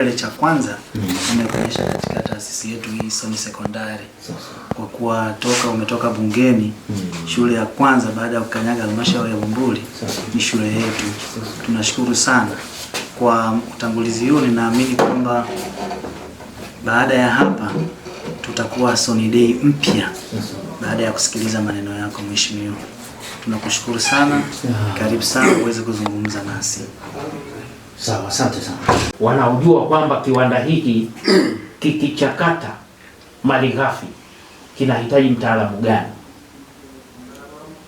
Kile cha kwanza umekuonyesha mm. katika taasisi yetu hii Soni Sekondari, kwa kuwa toka umetoka bungeni, mm. shule ya kwanza baada ya kukanyaga halmashauri ya Bumbuli ni shule yetu. Tunashukuru sana kwa utangulizi huu. Ninaamini kwamba baada ya hapa tutakuwa Soni Day mpya baada ya kusikiliza maneno yako mheshimiwa. Tunakushukuru sana, ah. karibu sana uweze kuzungumza nasi. Sawa, asante sana. Wanaojua kwamba kiwanda hiki kikichakata malighafi kinahitaji mtaalamu gani,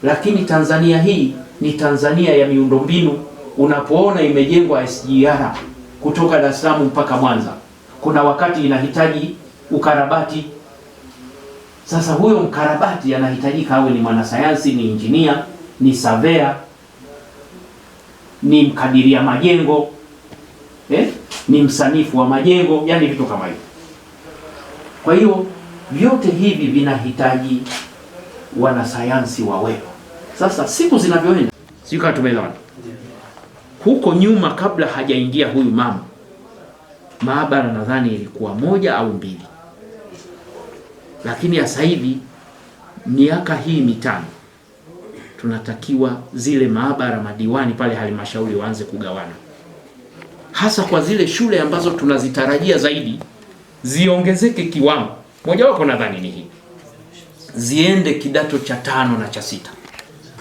lakini Tanzania hii ni Tanzania ya miundombinu. Unapoona imejengwa SGR kutoka Dar es Salaam mpaka Mwanza, kuna wakati inahitaji ukarabati. Sasa huyo mkarabati anahitajika awe ni mwanasayansi, ni injinia, ni savea, ni mkadiria majengo ni msanifu wa majengo, yani vitu kama hivyo. Kwa hiyo vyote hivi vinahitaji wanasayansi wawepo. Sasa siku zinavyoenda, sio kama tumeelewana. Huko nyuma kabla hajaingia huyu mama, maabara nadhani ilikuwa moja au mbili, lakini sasa hivi miaka hii mitano tunatakiwa zile maabara madiwani pale halmashauri waanze kugawana hasa kwa zile shule ambazo tunazitarajia zaidi ziongezeke kiwango. Mojawapo nadhani ni hii, ziende kidato cha tano na cha sita.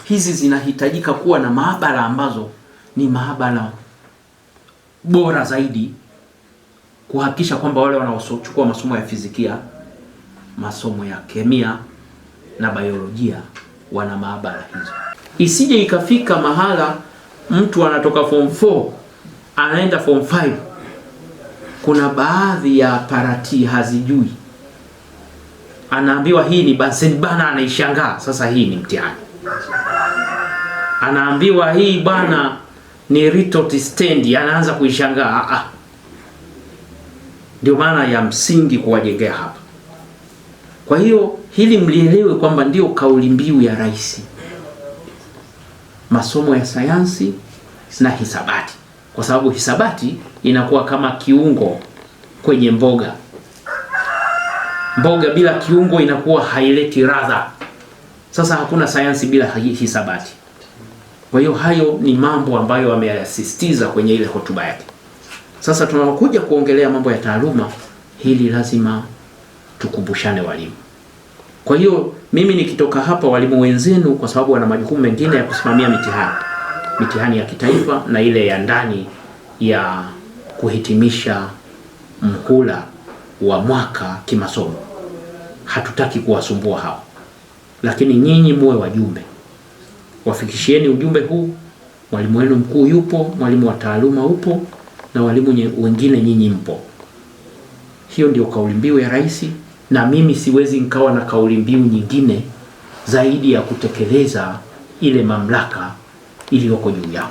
Hizi zinahitajika kuwa na maabara ambazo ni maabara bora zaidi kuhakikisha kwamba wale wanaochukua masomo ya fizikia, masomo ya kemia na biolojia wana maabara hizo, isije ikafika mahala mtu anatoka form 4 anaenda form 5, kuna baadhi ya parati hazijui, anaambiwa hii ni Bunsen bana anaishangaa sasa, hii ni mtihani. Anaambiwa hii bwana ni retort stand, anaanza kuishangaa. Ah, ah, ndio maana ya msingi kuwajengea hapa. Kwa hiyo hili mlielewe kwamba ndio kauli mbiu ya rais, masomo ya sayansi na hisabati kwa sababu hisabati inakuwa kama kiungo kwenye mboga. Mboga bila kiungo inakuwa haileti radha. Sasa hakuna sayansi bila hisabati. Kwa hiyo hayo ni mambo ambayo ameyasisitiza kwenye ile hotuba yake. Sasa tunapokuja kuongelea mambo ya taaluma, hili lazima tukumbushane walimu. Kwa hiyo mimi nikitoka hapa, walimu wenzenu, kwa sababu wana majukumu mengine ya kusimamia mitihani mitihani ya kitaifa na ile ya ndani ya kuhitimisha mhula wa mwaka kimasomo. Hatutaki kuwasumbua hao, lakini nyinyi muwe wajumbe, wafikishieni ujumbe huu. Mwalimu wenu mkuu yupo, mwalimu wa taaluma upo, na walimu wengine nyinyi mpo. Hiyo ndio kauli mbiu ya rais, na mimi siwezi nikawa na kauli mbiu nyingine zaidi ya kutekeleza ile mamlaka iliyoko juu yao.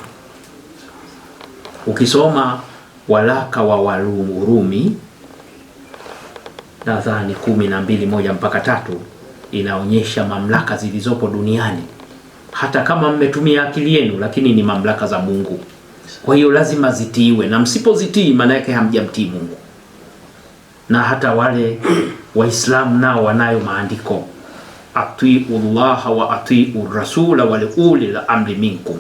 Ukisoma waraka wa Warumi nadhani kumi na mbili moja mpaka tatu inaonyesha mamlaka zilizopo duniani, hata kama mmetumia akili yenu, lakini ni mamlaka za Mungu. Kwa hiyo lazima zitiiwe, na msipozitii maana yake hamjamtii Mungu. Na hata wale Waislamu nao wanayo maandiko atiu llaha wa atiu rasula wa liuli la amri minkum,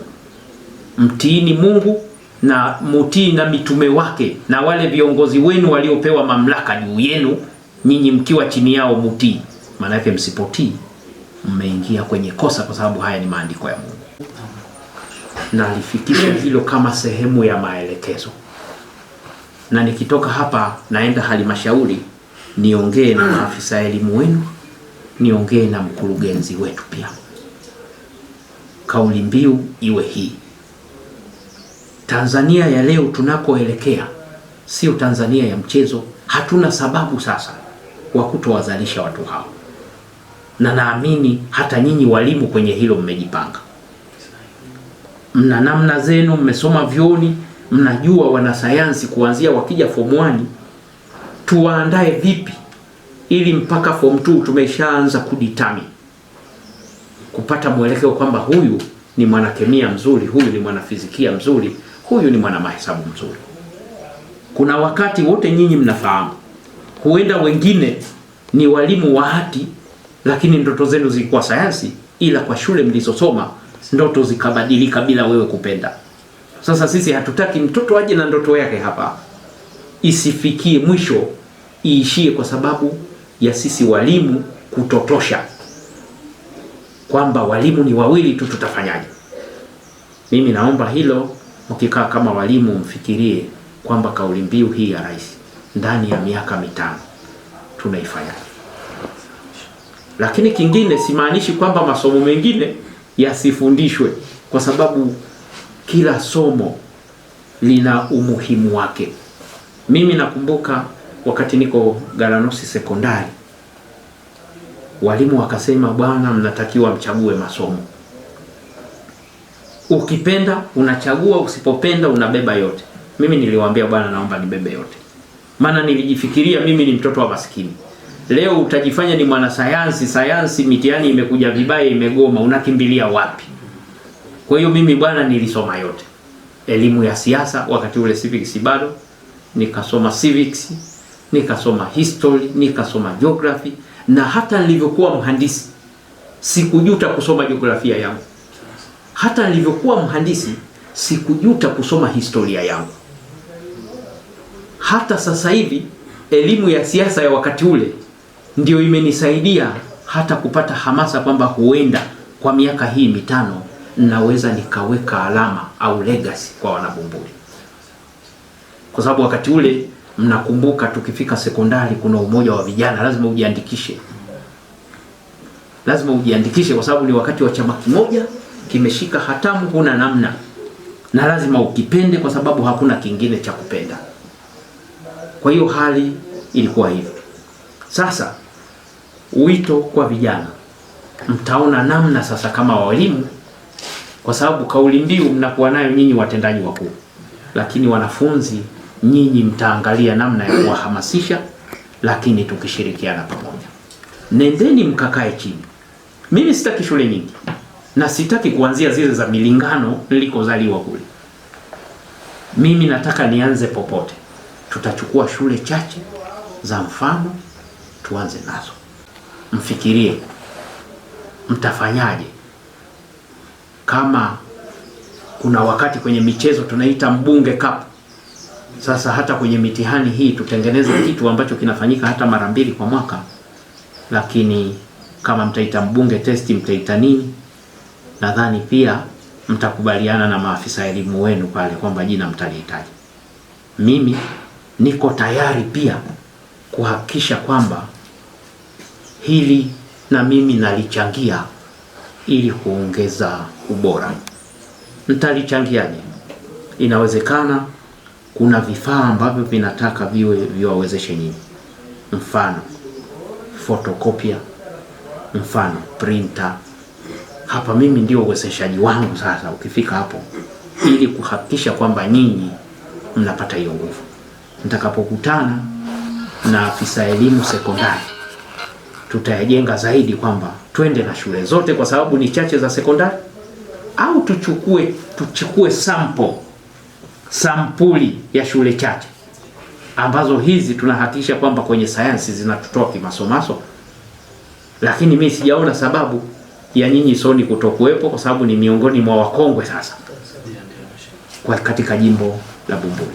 mtiini Mungu na mutii na mitume wake na wale viongozi wenu waliopewa mamlaka juu yenu, nyinyi mkiwa chini yao mutii. Maana yake msipotii mmeingia kwenye kosa, kwa sababu haya ni maandiko ya Mungu. Na alifikisha hilo kama sehemu ya maelekezo, na nikitoka hapa naenda halmashauri niongee na maafisa elimu wenu niongee na mkurugenzi wetu pia, kauli mbiu iwe hii: Tanzania ya leo tunakoelekea sio Tanzania ya mchezo. Hatuna sababu sasa wa kutowazalisha watu hao, na naamini hata nyinyi walimu kwenye hilo mmejipanga, mna namna zenu, mmesoma vyuoni, mnajua wanasayansi kuanzia wakija form 1 tuwaandae vipi ili mpaka form 2 tumeshaanza kuditami kupata mwelekeo kwamba huyu ni mwanakemia mzuri, huyu ni mwanafizikia mzuri, huyu ni mwana mahesabu mzuri. Kuna wakati wote nyinyi mnafahamu, huenda wengine ni walimu wa hati, lakini ndoto zenu zilikuwa sayansi, ila kwa shule mlizosoma ndoto zikabadilika bila wewe kupenda. Sasa sisi hatutaki mtoto aje na ndoto yake hapa isifikie mwisho iishie kwa sababu ya sisi walimu kutotosha, kwamba walimu ni wawili tu, tutafanyaje? Mimi naomba hilo, mkikaa kama walimu mfikirie kwamba kauli mbiu hii ya rais ndani ya miaka mitano tunaifanya. Lakini kingine, simaanishi kwamba masomo mengine yasifundishwe, kwa sababu kila somo lina umuhimu wake. Mimi nakumbuka wakati niko Galanosi sekondari, walimu wakasema, bwana, mnatakiwa mchague masomo, ukipenda unachagua, usipopenda unabeba yote. Mimi niliwaambia bwana, naomba nibebe yote, maana nilijifikiria mimi ni mtoto wa maskini. Leo utajifanya ni mwanasayansi, sayansi mitihani imekuja vibaya, imegoma, unakimbilia wapi? Kwa hiyo mimi bwana, nilisoma yote, elimu ya siasa, wakati ule civics bado nikasoma civics nikasoma history, nikasoma geography na hata nilivyokuwa mhandisi sikujuta kusoma jiografia yangu. Hata nilivyokuwa mhandisi sikujuta kusoma historia yangu. Hata sasa hivi elimu ya siasa ya wakati ule ndio imenisaidia hata kupata hamasa kwamba huenda kwa miaka hii mitano naweza nikaweka alama au legacy kwa Wanabumbuli, kwa sababu wakati ule mnakumbuka tukifika sekondari kuna umoja wa vijana, lazima ujiandikishe, lazima ujiandikishe kwa sababu ni wakati wa chama kimoja kimeshika hatamu, huna namna, na lazima ukipende kwa sababu hakuna kingine cha kupenda. Kwa hiyo hali ilikuwa hivyo. Sasa wito kwa vijana, mtaona namna sasa kama walimu, kwa sababu kauli mbiu mnakuwa nayo nyinyi watendaji wakuu, lakini wanafunzi nyinyi mtaangalia namna ya kuwahamasisha, lakini tukishirikiana pamoja. Nendeni mkakae chini. Mimi sitaki shule nyingi na sitaki kuanzia zile za milingano nilikozaliwa kule. Mimi nataka nianze popote. Tutachukua shule chache za mfano, tuanze nazo. Mfikirie mtafanyaje kama kuna wakati kwenye michezo tunaita mbunge kapu, sasa hata kwenye mitihani hii tutengeneze kitu ambacho kinafanyika hata mara mbili kwa mwaka, lakini kama mtaita mbunge testi mtaita nini, nadhani pia mtakubaliana na maafisa elimu wenu pale kwamba jina mtalihitaji. Mimi niko tayari pia kuhakikisha kwamba hili na mimi nalichangia ili kuongeza ubora. Mtalichangiaje? Inawezekana kuna vifaa ambavyo vinataka viwe viwawezeshe nyinyi, mfano fotokopia, mfano printer. Hapa mimi ndio uwezeshaji wangu sasa, ukifika hapo, ili kuhakikisha kwamba nyinyi mnapata hiyo nguvu. Nitakapokutana na afisa elimu sekondari, tutayajenga zaidi kwamba twende na shule zote, kwa sababu ni chache za sekondari, au tuchukue tuchukue sample sampuli ya shule chache ambazo hizi tunahakikisha kwamba kwenye sayansi zinatutoa kimasomaso, lakini mi sijaona sababu ya nyinyi soni kutokuwepo, kwa sababu ni miongoni mwa wakongwe sasa kwa katika jimbo la Bumbuli.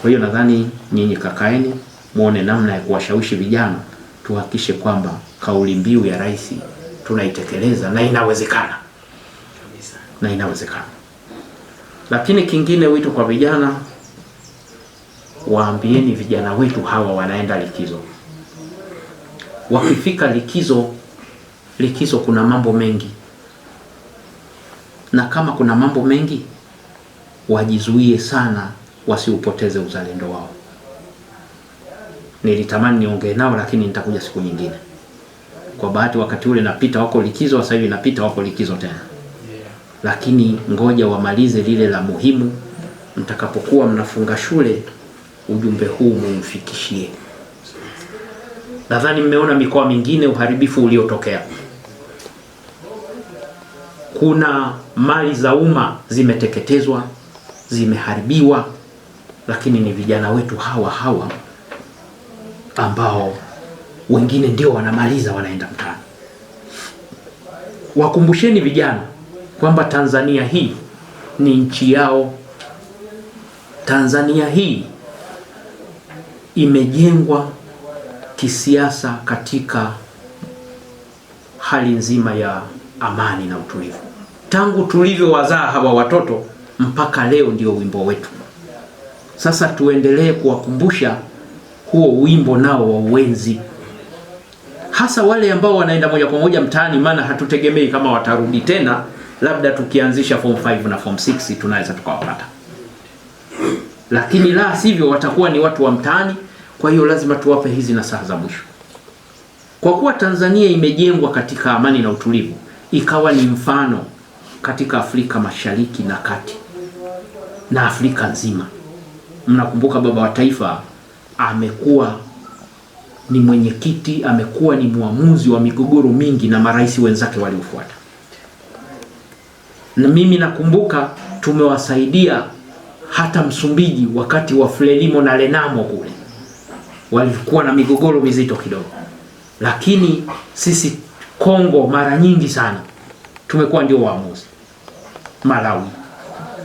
Kwa hiyo nadhani nyinyi kakaeni muone namna ya kuwashawishi vijana tuhakikishe kwamba kauli mbiu ya rais tunaitekeleza na inawezekana, na inawezekana. Lakini kingine, wito kwa vijana, waambieni vijana wetu hawa wanaenda likizo. Wakifika likizo, likizo kuna mambo mengi, na kama kuna mambo mengi, wajizuie sana wasiupoteze uzalendo wao. Nilitamani niongee nao lakini nitakuja siku nyingine. Kwa bahati wakati ule napita wako likizo, sasa hivi napita wako likizo tena lakini ngoja wamalize lile la muhimu. Mtakapokuwa mnafunga shule, ujumbe huu mumfikishie. Nadhani mmeona mikoa mingine uharibifu uliotokea. Kuna mali za umma zimeteketezwa, zimeharibiwa, lakini ni vijana wetu hawa hawa ambao wengine ndio wanamaliza wanaenda mtaani. Wakumbusheni vijana kwamba Tanzania hii ni nchi yao. Tanzania hii imejengwa kisiasa katika hali nzima ya amani na utulivu. Tangu tulivyowazaa hawa watoto mpaka leo ndio wimbo wetu. Sasa tuendelee kuwakumbusha huo wimbo nao uwenzi, hasa wale ambao wanaenda moja kwa moja mtaani, maana hatutegemei kama watarudi tena labda tukianzisha form 5 na form 6 tunaweza tukawapata, lakini la sivyo watakuwa ni watu wa mtaani. Kwa hiyo lazima tuwape hizi na saa za mwisho. Kwa kuwa Tanzania imejengwa katika amani na utulivu, ikawa ni mfano katika Afrika Mashariki na Kati na Afrika nzima. Mnakumbuka baba wa taifa amekuwa ni mwenyekiti, amekuwa ni mwamuzi wa migogoro mingi na marais wenzake waliofuata. Na mimi nakumbuka tumewasaidia hata Msumbiji wakati wa Frelimo na Renamo kule walikuwa na migogoro mizito kidogo, lakini sisi Kongo mara nyingi sana tumekuwa ndio waamuzi. Malawi,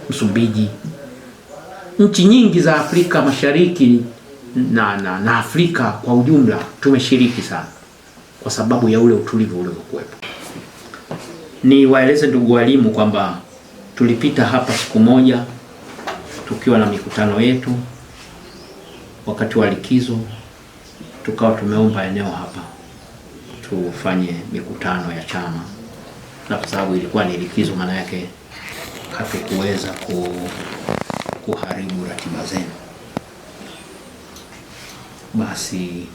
Msumbiji, nchi nyingi za Afrika Mashariki na, na, na Afrika kwa ujumla tumeshiriki sana kwa sababu ya ule utulivu uliokuwepo. Ni waeleze ndugu walimu kwamba tulipita hapa siku moja tukiwa na mikutano yetu wakati wa likizo, tukawa tumeomba eneo hapa tufanye mikutano ya chama, na kwa sababu ilikuwa ni likizo, maana yake hatukuweza kuharibu ratiba zenu. Basi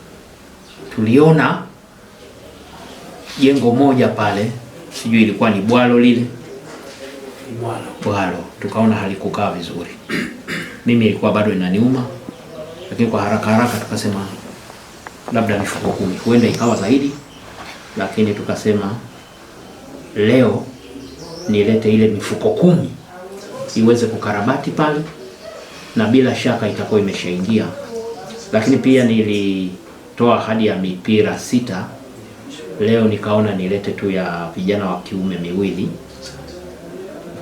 tuliona jengo moja pale sijui ilikuwa ni bwalo lile bwalo, bwalo. Tukaona halikukaa vizuri mimi ilikuwa bado inaniuma, lakini kwa haraka haraka tukasema labda mifuko kumi, huenda ikawa zaidi, lakini tukasema leo nilete ile mifuko kumi iweze kukarabati pale, na bila shaka itakuwa imeshaingia. Lakini pia nilitoa ahadi ya mipira sita leo nikaona nilete tu ya vijana wa kiume miwili.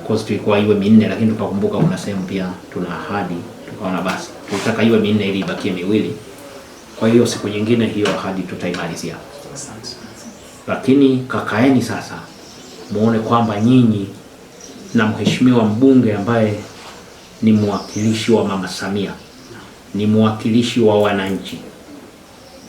Of course tulikuwa iwe minne, lakini tukakumbuka kuna sehemu pia tuna ahadi, tukaona basi tutaka iwe minne ili ibakie miwili. Kwa hiyo siku nyingine hiyo ahadi tutaimalizia, lakini kakaeni sasa muone kwamba nyinyi na mheshimiwa mbunge ambaye ni mwakilishi wa mama Samia, ni mwakilishi wa wananchi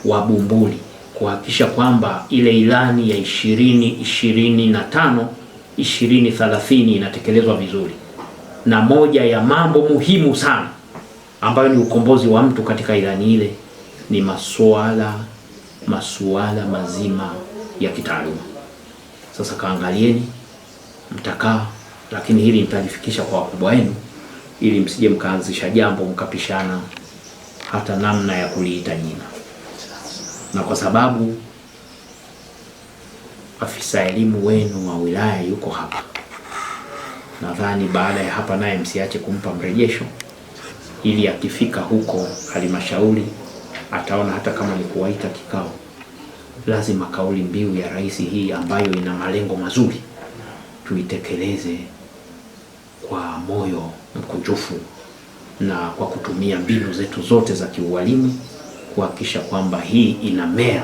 wa Bumbuli kuhakikisha kwamba ile ilani ya ishirini ishirini na tano ishirini inatekelezwa vizuri, na moja ya mambo muhimu sana ambayo ni ukombozi wa mtu katika ilani ile ni masuala masuala mazima ya kitaaluma. Sasa kaangalieni, mtakaa, lakini hili nitalifikisha kwa wakubwa wenu, ili msije mkaanzisha jambo mkapishana hata namna ya kuliita jina na kwa sababu afisa elimu wenu wa wilaya yuko hapa, nadhani baada ya hapa naye msiache kumpa mrejesho, ili akifika huko halmashauri ataona hata kama ni kuwaita kikao, lazima kauli mbiu ya rais hii ambayo ina malengo mazuri tuitekeleze kwa moyo mkunjufu na kwa kutumia mbinu zetu zote za kiualimu kuhakikisha kwamba hii inamea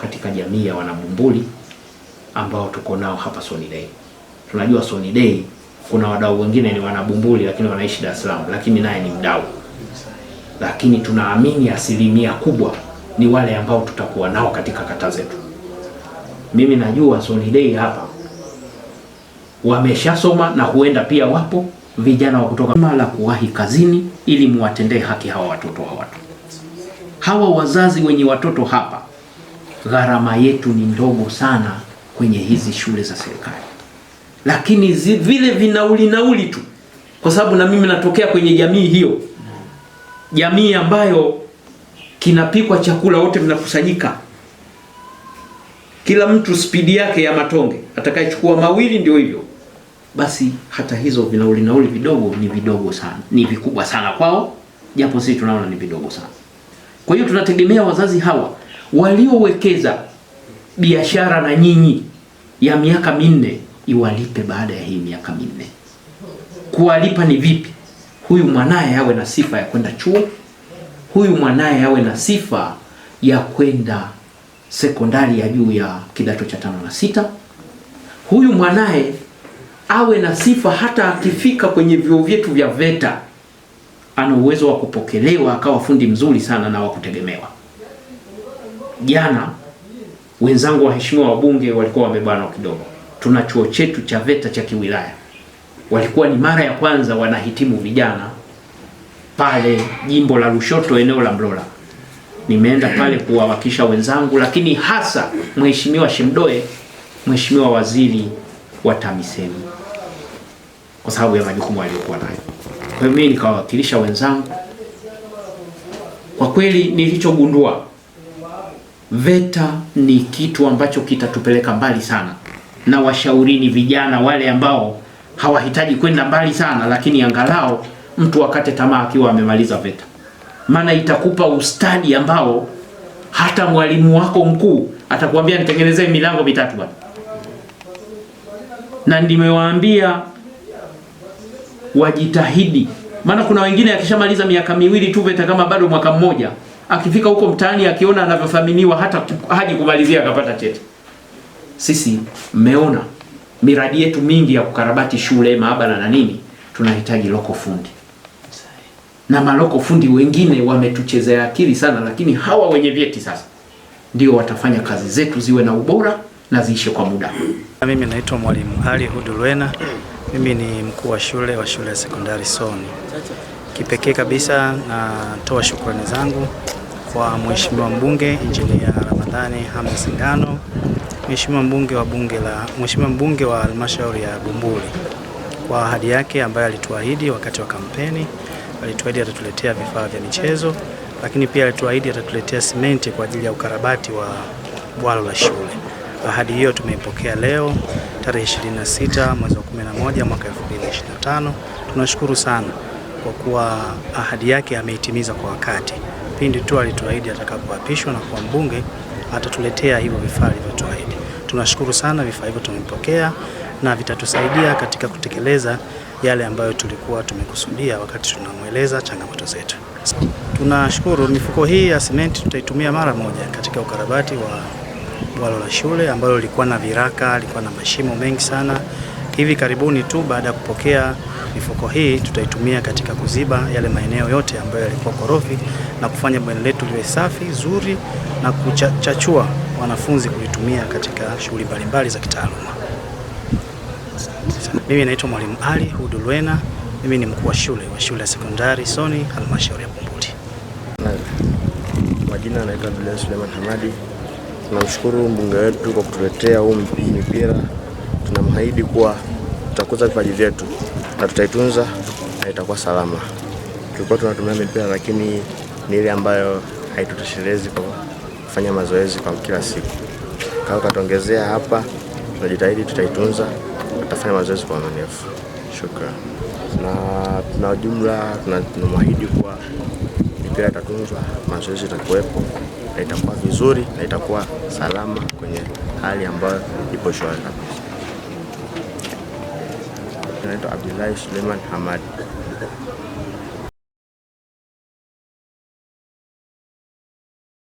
katika jamii ya wanabumbuli ambao tuko nao hapa Sonidei. Tunajua Sonidei kuna wadau wengine ni wanabumbuli lakini wanaishi Dar es Salaam, lakini naye ni mdau, lakini tunaamini asilimia kubwa ni wale ambao tutakuwa nao katika kata zetu. Mimi najua Sonidei hapa wameshasoma na huenda pia wapo vijana wa kutoka mara kuwahi kazini, ili muwatendee haki hawa watoto hawa watu hawa wazazi wenye watoto hapa, gharama yetu ni ndogo sana kwenye hizi shule za serikali, lakini zi, vile vinauli nauli tu, kwa sababu na mimi natokea kwenye jamii hiyo, jamii ambayo kinapikwa chakula, wote mnakusanyika, kila mtu spidi yake ya matonge, atakayechukua mawili ndio hivyo basi. Hata hizo vinauli nauli vidogo ni vidogo sana, ni vikubwa sana kwao, japo sisi tunaona ni vidogo sana. Kwa hiyo tunategemea wazazi hawa waliowekeza biashara na nyinyi ya miaka minne iwalipe baada ya hii miaka minne. Kuwalipa ni vipi? Huyu mwanaye awe na sifa ya kwenda chuo, huyu mwanaye awe na sifa ya kwenda sekondari ya juu ya kidato cha tano na sita, huyu mwanaye awe na sifa hata akifika kwenye vyuo vyetu vya VETA ana uwezo wa kupokelewa akawa fundi mzuri sana na wa kutegemewa. Jana wenzangu waheshimiwa wabunge walikuwa wamebanwa kidogo. Tuna chuo chetu cha VETA cha kiwilaya, walikuwa ni mara ya kwanza wanahitimu vijana pale jimbo la Lushoto, eneo la Mlola. Nimeenda pale kuwawakisha wenzangu, lakini hasa Mheshimiwa Shemdoe, Mheshimiwa waziri wa TAMISEMI, kwa sababu ya majukumu aliyokuwa nayo. Kwa mimi nikawakilisha wenzangu. Kwa kweli nilichogundua, VETA ni kitu ambacho kitatupeleka mbali sana, na washaurini vijana wale ambao hawahitaji kwenda mbali sana, lakini angalau mtu akate tamaa akiwa amemaliza VETA, maana itakupa ustadi ambao hata mwalimu wako mkuu atakuambia nitengenezee milango mitatu bwana, na nimewaambia wajitahidi, maana kuna wengine akishamaliza miaka miwili tu VETA kama bado mwaka mmoja, akifika huko mtaani akiona anavyothaminiwa hata haji kumalizia akapata cheti. Sisi mmeona miradi yetu mingi ya kukarabati shule, maabara na nini, tunahitaji loko fundi na maloko fundi wengine wametuchezea akili sana, lakini hawa wenye vyeti sasa ndio watafanya kazi zetu ziwe na ubora na ziishi kwa muda. Mimi naitwa Mwalimu Ali Hudulwena, mimi ni mkuu wa shule wa shule ya sekondari Soni. Kipekee kabisa natoa shukrani zangu kwa Mheshimiwa mbunge Injinia Ramadhani Hamis Ngano, Mheshimiwa mbunge wa bunge la Mheshimiwa mbunge wa halmashauri ya Bumbuli kwa ahadi yake ambayo alituahidi wakati wa kampeni. Alituahidi atatuletea vifaa vya michezo, lakini pia alituahidi atatuletea simenti kwa ajili ya ukarabati wa bwalo la shule. Ahadi hiyo tumeipokea leo tarehe 26 mwezi wa 11 mwaka 2025. Tunashukuru sana kwa kuwa ahadi yake ameitimiza kwa wakati. Pindi tu alituahidi atakapoapishwa na kuwa mbunge atatuletea hivyo vifaa alivyotuahidi. Tunashukuru sana, vifaa hivyo tumepokea na vitatusaidia katika kutekeleza yale ambayo tulikuwa tumekusudia wakati tunamweleza changamoto zetu. Tunashukuru, mifuko hii ya simenti tutaitumia mara moja katika ukarabati wa bwalo la shule ambalo lilikuwa na viraka, lilikuwa na mashimo mengi sana. Hivi karibuni tu baada ya kupokea mifuko hii, tutaitumia katika kuziba yale maeneo yote ambayo yalikuwa korofi na kufanya bweni letu liwe safi zuri na kuchachua wanafunzi kulitumia katika shughuli mbalimbali za kitaaluma. Mimi naitwa Mwalimu Ali Hudulwena, mimi ni mkuu wa shule wa shule ya sekondari Soni, halmashauri ya Pumbuli. Majina anaitwa Abdullah Suleiman Hamadi. Tunamshukuru mbunge wetu kwa kutuletea huu mipira. Tunamhaidi kuwa tutakuza vipaji vyetu na tutaitunza na itakuwa salama. Tulikuwa tunatumia mipira, lakini ni ile ambayo haitutoshelezi kwa kufanya mazoezi kwa kila siku. Kama ukatuongezea hapa, tunajitahidi, tutaitunza, tutafanya mazoezi kwa manefu. Shukrani. Na tuna jumla tunamwahidi kuwa mipira itatunzwa, mazoezi itakuwepo na itakuwa vizuri na itakuwa salama kwenye hali ambayo ipo shwari. Naitwa Abdullahi Suleiman Hamad.